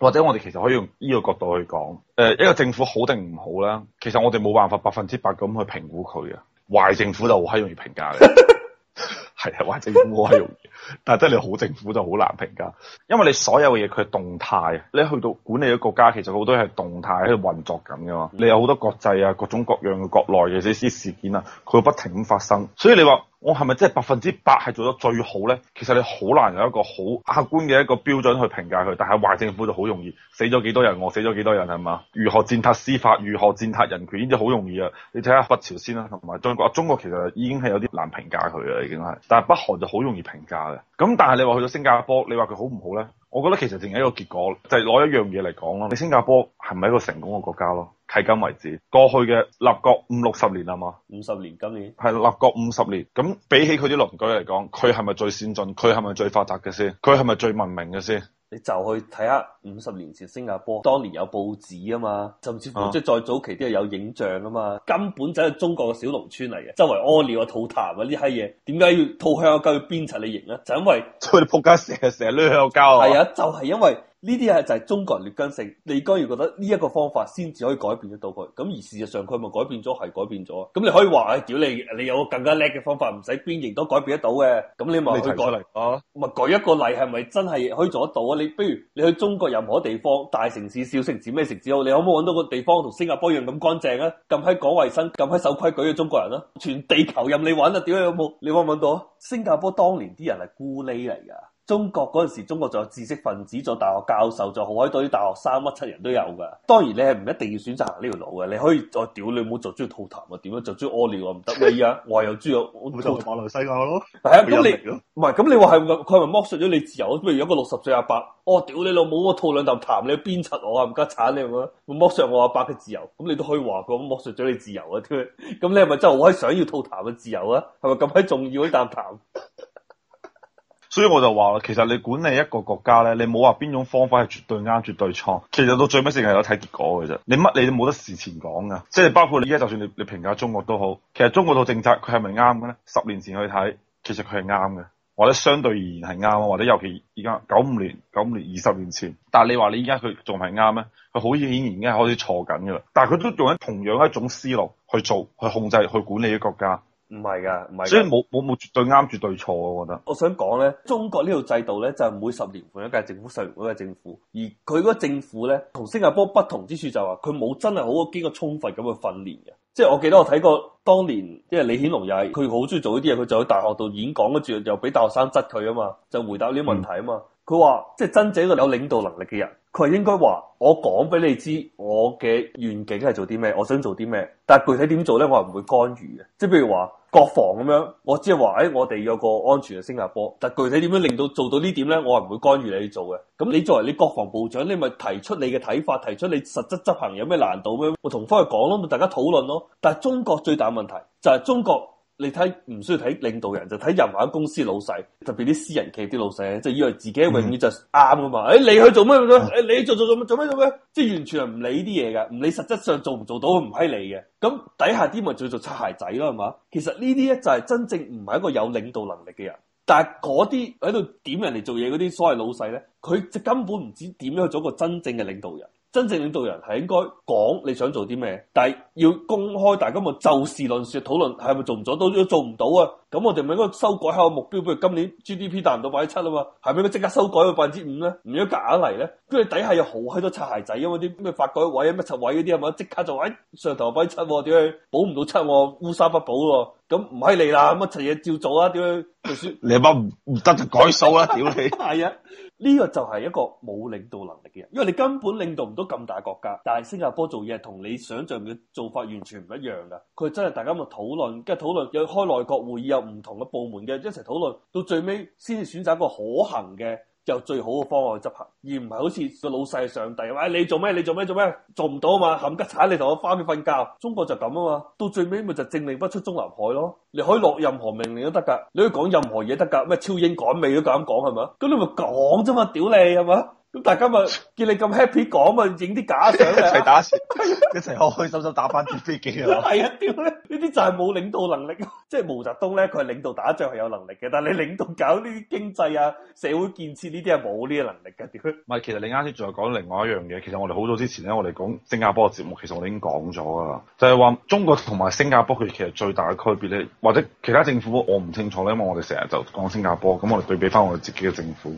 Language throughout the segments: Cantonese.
或者我哋其實可以用呢個角度去講，誒、呃、一個政府好定唔好啦，其實我哋冇辦法百分之百咁去評估佢嘅。壞政府就好容易評價嘅，係啊，壞政府好閪容易，但係真係你好政府就好難評價，因為你所有嘢佢係動態，你去到管理一個國家，其實好多嘢係動態喺度運作緊㗎嘛，你有好多國際啊，各種各樣嘅國內嘅呢啲事件啊，佢會不停咁發生，所以你話。我係咪真係百分之百係做得最好呢？其實你好難有一個好客觀嘅一個標準去評價佢，但係壞政府就好容易死咗幾多人，我死咗幾多人係嘛？如何踐踏司法，如何踐踏人權，呢啲好容易啊！你睇下北朝鮮啦，同埋中國，中國其實已經係有啲難評價佢嘅已經係，但係北韓就好容易評價嘅。咁但係你話去到新加坡，你話佢好唔好呢？我覺得其實淨係一個結果，就係攞一樣嘢嚟講咯。你新加坡係咪一個成功嘅國家咯？係咁為止，過去嘅立國五六十年啊嘛，五十年今年係立國五十年，咁比起佢啲鄰居嚟講，佢係咪最先進？佢係咪最發達嘅先？佢係咪最文明嘅先？你就去睇下五十年前新加坡，當年有報紙啊嘛，甚至乎即係再早期都又有影像啊嘛，啊根本就係中國嘅小農村嚟嘅，周圍屙尿啊、吐痰啊呢啲嘢，點解要吐香膠要鞭笞你型咧？就係、因為佢哋仆街成日成日濺香膠，係啊，就係、係、因為。呢啲係就係中國人劣根性，你當要覺得呢一個方法先至可以改變得到佢，咁而事實上佢咪改變咗，係改變咗。咁你可以話誒，屌你，你有個更加叻嘅方法，唔使變形都改變得到嘅。咁你咪去改，咪舉一個例，係咪真係可以做得到啊？你不如你去中國任何地方，大城市、小城市、咩城市好，你可唔可以搵到個地方同新加坡一樣咁乾淨啊？咁閪講衛生，咁閪守規矩嘅中國人啊，全地球任你玩啊！屌你有冇？你可唔可以搵到啊？新加坡當年啲人係孤喱嚟噶。中國嗰陣時，中國仲有知識分子，做大學教授，仲有好鬼多啲大學生，乜七人都有噶。當然你係唔一定要選擇行呢條路嘅，你可以再屌你老母，就中意吐痰啊？點啊？就中意屙尿啊？唔得你啊！我係又中意我吐馬來西亞咯。但係咁你唔係咁你話係佢係咪剝削咗你自由？不如有個六十歲阿伯，我、哦、屌你老母，我吐兩啖痰，你鞭策我啊？唔加鏟你啊？我剝削我阿伯嘅自由，咁你都可以話佢剝削咗你自由啊？咁你係咪真係好閪想要吐痰嘅自由啊？係咪咁閪重要一啖痰？ 所以我就話啦，其實你管理一個國家咧，你冇話邊種方法係絕對啱、絕對錯。其實到最尾先係睇結果嘅啫。你乜你都冇得事前講㗎，即係包括你而家就算你你評價中國都好，其實中國套政策佢係咪啱嘅咧？十年前去睇，其實佢係啱嘅，或者相對而言係啱，或者尤其而家九五年、九五年二十年前。但係你話你而家佢仲係啱咩？佢好顯然已經係開始錯緊㗎啦。但係佢都用緊同樣一種思路去做、去控制、去管理呢個國家。唔係噶，唔係噶，所以冇冇冇絕對啱住對錯啊！我覺得， 我想講咧，中國呢套制度咧，就係、每十年換一屆政府，十年換一屆政府。而佢嗰個政府咧，同新加坡不同之處就係話，佢冇真係好經過充分咁去訓練嘅。即係我記得我睇過當年，因為李顯龍又係，佢好中意做呢啲嘢，佢就喺大學度演講，跟住又俾大學生質佢啊嘛，就回答呢啲問題啊嘛。嗯佢話即係真係一個有領導能力嘅人，佢係應該話我講俾你知我嘅願景係做啲咩，我想做啲咩，但係具體點做咧，我係唔會干預嘅。即係譬如話國防咁樣，我只係話誒，我哋有個安全嘅新加坡，但具體點樣令到做到呢點咧，我係唔會干預你去做嘅。咁你作為你國防部長，你咪提出你嘅睇法，提出你實質執行有咩難度咩？我同翻去講咯，咪大家討論咯。但係中國最大問題就係中國。你睇唔需要睇領導人，就睇任何公司老細，特別啲私人企業啲老細咧，就以為自己永遠就啱噶嘛？誒、哎、你去做咩做你做做做咩做咩？即、就、係、是、完全係唔理啲嘢嘅，唔理實質上做唔做到唔閪你嘅。咁、嗯、底下啲咪做做擦鞋仔咯，係嘛？其實呢啲咧就係真正唔係一個有領導能力嘅人。但係嗰啲喺度點人嚟做嘢嗰啲所謂老細咧，佢就根本唔知點樣去做一個真正嘅領導人。真正領導人係應該講你想做啲咩，但係要公開大，大家咪就事論事討論係咪做唔到，都都做唔到啊！咁我哋咪應該修改下個目標，比如今年 GDP 達唔到百分之七啊嘛，係咪應該即刻修改去百分之五咧？唔，如果夾硬嚟，咧，跟住底下有好閪多擦鞋仔，因為啲咩發改委啊、咩柒委嗰啲係咪即刻就話哎，上頭話百分之七，點解保唔到七？烏紗不保喎，咁唔係你啦，乜柒嘢照做啊？點解？秘書，你阿媽唔唔得就改數啦！屌你，係啊。呢個就係一個冇領導能力嘅人，因為你根本領導唔到咁大國家。但係新加坡做嘢同你想象嘅做法完全唔一樣㗎，佢真係大家咪討論，跟住討論，又開內閣會議，有唔同嘅部門嘅一齊討論，到最尾先至選擇一個可行嘅。就最好嘅方案去執行，而唔係好似個老細上帝，喂，你做咩？你做咩做咩？做唔到啊嘛，冚家鏟，你同我返去瞓覺。中國就咁啊嘛，到最尾咪就政令不出中南海咯。你可以落任何命令都得噶，你可以講任何嘢都得噶，咩超英趕美都咁講係嘛？咁你咪講啫嘛，屌你啊嘛！是吧咁大家咪見你咁 happy 講啊，影啲假相 前 一齊打，一齊開開心心打翻啲飛機啦！係啊，屌咧！呢啲就係冇領導能力， 即係毛澤東咧，佢係領導打仗係有能力嘅，但係你領導搞呢啲經濟啊、社會建設呢啲係冇呢個能力嘅，屌！唔係，其實你啱先仲有講另外一樣嘢，其實我哋好早之前咧，我哋講新加坡嘅節目，其實我哋已經講咗㗎啦，就係、是、話中國同埋新加坡佢其實最大嘅區別咧，或者其他政府我唔清楚咧，因為我哋成日就講新加坡，咁我哋對比翻我哋自己嘅政府。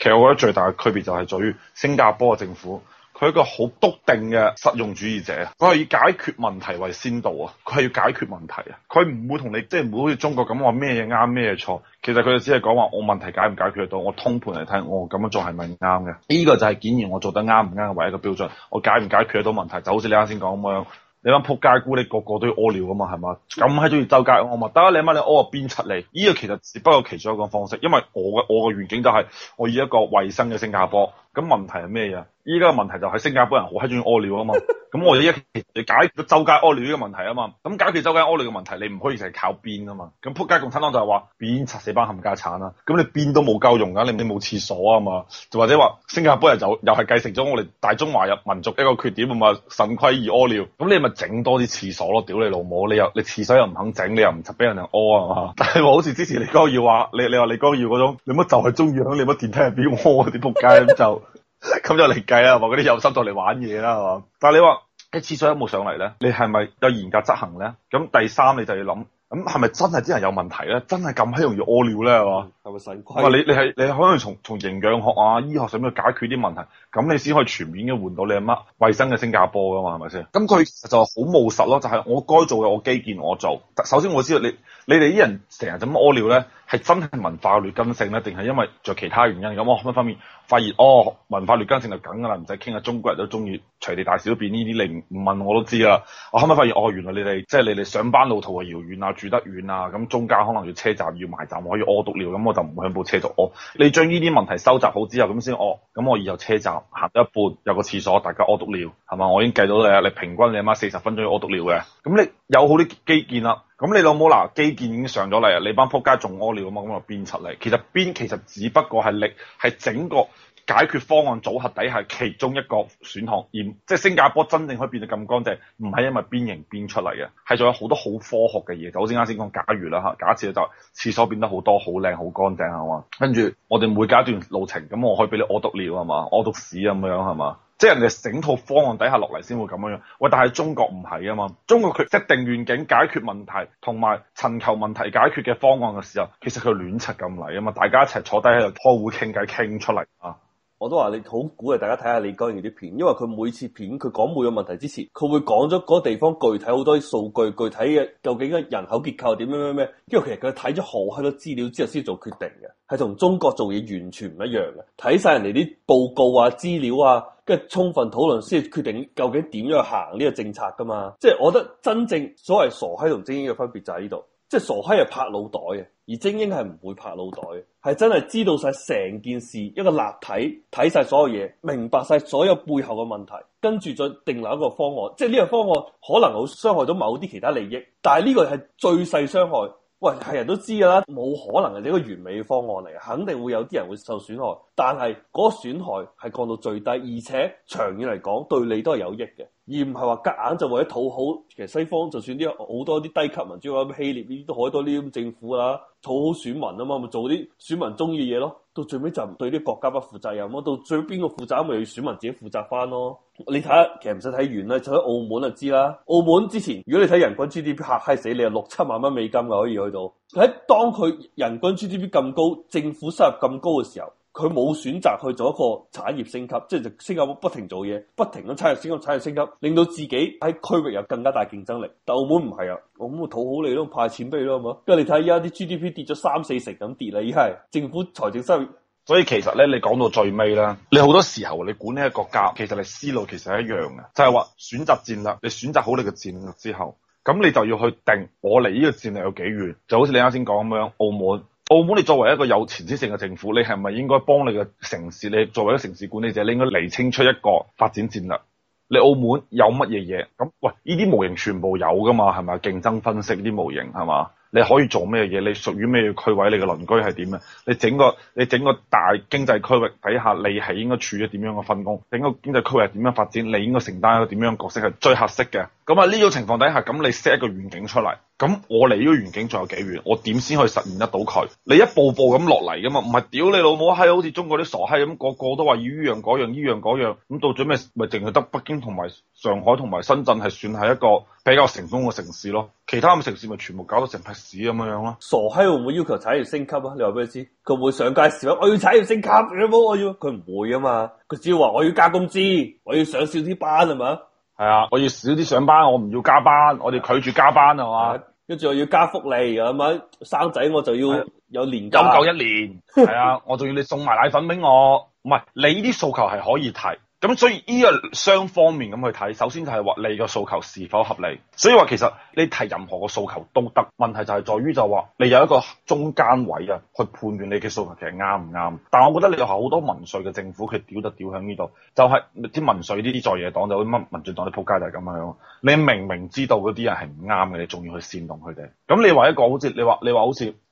其實我覺得最大嘅區別就係在於新加坡嘅政府，佢係一個好篤定嘅實用主義者，佢係以解決問題為先導啊！佢係要解決問題啊！佢唔會同你即係唔會好似中國咁話咩嘢啱咩嘢錯，其實佢哋只係講話我問題解唔解決得到，我通盤嚟睇，我咁樣做係咪啱嘅？呢個就係檢驗我做得啱唔啱嘅唯一個標準。我解唔解決得到問題，就好似你啱先講咁樣。你班仆街姑娘，你個個都要屙尿㗎嘛，係嘛？咁閪中意周街屙嘛？得你媽你屙個邊出嚟？呢、這個其實只不過其中一個方式，因為我嘅我嘅願景就係、是、我以一個衛生嘅新加坡。咁問題係咩呀？依家嘅問題就係新加坡人好閪中意屙尿啊嘛，咁 我哋一嚟解，解決周街屙尿呢個問題啊嘛，咁解決周街屙尿嘅問題，你唔可以成日靠邊啊嘛，咁仆街共產黨就係話邊拆死班冚家鏟啊，咁你邊都冇夠用噶、啊，你你冇廁所啊嘛，就或者話新加坡人就又係繼承咗我哋大中華入民族一個缺點啊嘛，腎虧易屙尿，咁你咪整多啲廁所咯、啊，屌你老母，你，你又你廁所又唔肯整，你又唔俾人哋屙啊嘛，但係我好似之前李光耀話，你你話李光耀嗰種，你乜就係中意喺你乜電梯入邊屙啲仆街咁就。 咁 就嚟計啦，話嗰啲有心到嚟玩嘢啦，係嘛？但係你話啲廁所有冇上嚟咧？你係咪有嚴格執行咧？咁第三你就要諗，咁係咪真係啲人有問題咧？真係咁閪容易屙尿咧？係嘛 ？係咪細個？你你係你可能從從營養學啊、醫學上面去解決啲問題，咁你先可以全面嘅換到你阿媽衛生嘅新加坡噶嘛？係咪先？咁佢就好務實咯，就係、是、我該做嘅我基建我，基建我做。首先我知道你你哋啲人成日點屙尿咧？ 係真係文化劣根性咧，定係因為在其他原因咁？我後屘發現，發現哦，文化劣根性就梗㗎啦，唔使傾啦。中國人都中意隨地大小便呢啲你唔問我都知啦。我後屘發現哦，原來你哋即係你哋上班路途係遙遠啊，住得遠啊，咁中間可能要車站要埋站我可以屙毒尿，咁我就唔會響部車度屙。你將呢啲問題收集好之後，咁先哦，咁我以後車站行一半有個廁所，大家屙毒尿係嘛？我已經計到你啦，你平均你阿媽四十分鐘要屙毒尿嘅，咁你有好啲基建啦。咁你老母嗱，基建已經上咗嚟啊！你班仆街仲屙尿啊嘛，咁啊邊出嚟？其實邊其實只不過係力係整個解決方案組合底下其中一個選項，而即係新加坡真正可以變得咁乾淨，唔係因為邊形邊出嚟嘅，係仲有好多好科學嘅嘢。就好似啱先講，假如啦吓，假設就廁所變得好多好靚好乾淨係嘛，跟住我哋每隔一段路程，咁我可以俾你屙督尿係嘛，屙督屎咁樣係嘛？即係人哋整套方案底下落嚟先會咁樣樣，喂！但係中國唔係啊嘛，中國佢即定願景解決問題，同埋尋求問題解決嘅方案嘅時候，其實佢亂七咁嚟啊嘛，大家一齊坐低喺度開會傾偈傾出嚟啊！我都話你好鼓勵大家睇下李剛完啲片，因為佢每次片佢講每個問題之前，佢會講咗嗰地方具體好多數據，具體嘅究竟嘅人口結構點樣咩咩咩，因為其實佢睇咗好閪多資料之後先做決定嘅，係同中國做嘢完全唔一樣嘅，睇晒人哋啲報告啊資料啊，跟住充分討論先決定究竟點樣行呢個政策噶嘛，即係我覺得真正所謂傻閪同精英嘅分別就喺呢度，即係傻閪係拍腦袋嘅。而精英係唔會拍腦袋，係真係知道晒成件事一個立體睇晒所有嘢，明白晒所有背後嘅問題，跟住再定立一個方案。即係呢個方案可能會傷害到某啲其他利益，但係呢個係最細傷害。喂，係人都知噶啦，冇可能係一個完美嘅方案嚟，肯定會有啲人會受損害，但係嗰損害係降到最低，而且長遠嚟講對你都係有益嘅，而唔係話夾硬就為咗討好。其實西方就算啲好多啲低級民主民，咁希臘呢啲都好多呢咁政府啦，討好選民啊嘛，咪做啲選民中意嘅嘢咯。到最尾就唔對啲國家不負責任咯。到最尾邊個負責，咪要選民自己負責翻咯。你睇下，其實唔使睇遠啦，就喺澳門就知啦。澳門之前，如果你睇人均 GDP 嚇嗨死你，你係六七萬蚊美金嘅可以去到。但當佢人均 GDP 咁高，政府收入咁高嘅時候，佢冇選擇去做一個產業升級，即係就新加坡不停做嘢，不停咁產業升級、產業升級，令到自己喺區域有更加大競爭力。但澳門唔係啊，澳門會討好你咯，派錢俾你咯，係嘛？跟住你睇依家啲 GDP 跌咗三四成咁跌啦，依係政府財政收入。所以其實咧，你講到最尾啦，你好多時候你管呢一個國家，其實你思路其實係一樣嘅，就係話選擇戰略，你選擇好你嘅戰略之後，咁你就要去定我離呢個戰略有幾遠，就好似你啱先講咁樣，澳門，澳門你作為一個有前瞻性嘅政府，你係咪應該幫你嘅城市，你作為一個城市管理者，你應該釐清出一個發展戰略，你澳門有乜嘢嘢？咁喂，呢啲模型全部有噶嘛？係咪競爭分析啲模型係嘛？你可以做咩嘢？你屬於咩區位？你嘅鄰居係點呀？你整個你整個大經濟區域底下，你係應該處於點樣嘅分工？整個經濟區域係點樣發展？你應該承擔一個點樣嘅角色係最合適嘅？咁啊呢種情況底下，咁你 set 一個願景出嚟。咁我離呢個遠景仲有幾遠？我點先可以實現得到佢？你一步步咁落嚟噶嘛？唔係屌你老母閪，好似中國啲傻閪咁，個個都話要依樣嗰樣，依樣嗰樣咁，到最尾咪淨係得北京同埋上海同埋深圳係算係一個比較成功嘅城市咯，其他嘅城市咪全部搞到成批屎咁嘅樣咯。傻閪會唔會要求產業升級啊？你話俾佢知，佢會上街示威，我要產業升級，你冇我要，佢唔會啊嘛。佢只要話我要加工資，我要上少啲班係嘛。係啊，我要少啲上班，我唔要加班，的我哋拒絕加班啊嘛。跟住我要加福利，係咪的？生仔我就要有年假夠的一年，係啊， 我仲要你送埋奶粉俾我。唔係，你啲訴求係可以提。咁所以依個雙方面咁去睇，首先就係話你個訴求是否合理，所以話其實你提任何個訴求都得，問題就係在於就話你有一個中間位啊，去判斷你嘅訴求其實啱唔啱。但係我覺得你有好多民粹嘅政府，佢屌得屌喺呢度，就係、是、啲民粹呢啲在野黨就會乜民進黨啲仆街就係咁樣樣。你明明知道嗰啲人係唔啱嘅，你仲要去煽動佢哋。咁你話一個好似你話你話好似。